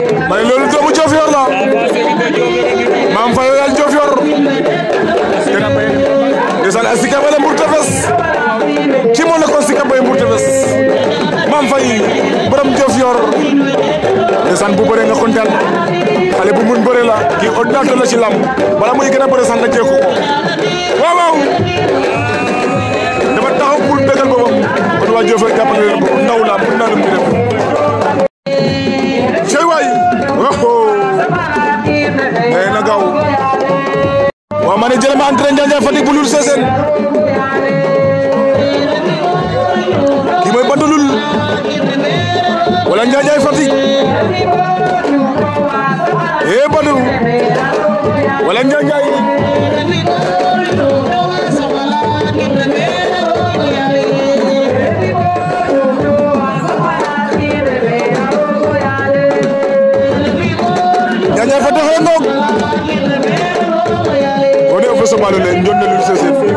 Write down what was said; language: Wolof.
may loolu doomu Diofior la maam Faye yàlla Diofior ndeysaan a sika bale Mbour Tefes ci moo nekkoon sika bay Mbour Tefes maam Faye borom Diofior ndeysaan bu bëree nga kontaan xale bu mun bëree la kii ordinateur la ci lamb bala muy gën a bëri sax nga jéego dafa taxaw pour bégal boppam kon waa Diofior ndaw la mun naa mane entrain entraîne Njanjaan Fatick bu Lul sesen ki mooy Bada Lul wala Njanjaan Fatick e Bada wala Njanjaan Njanjaan Fatick xëy na sobalole njonnelul seseen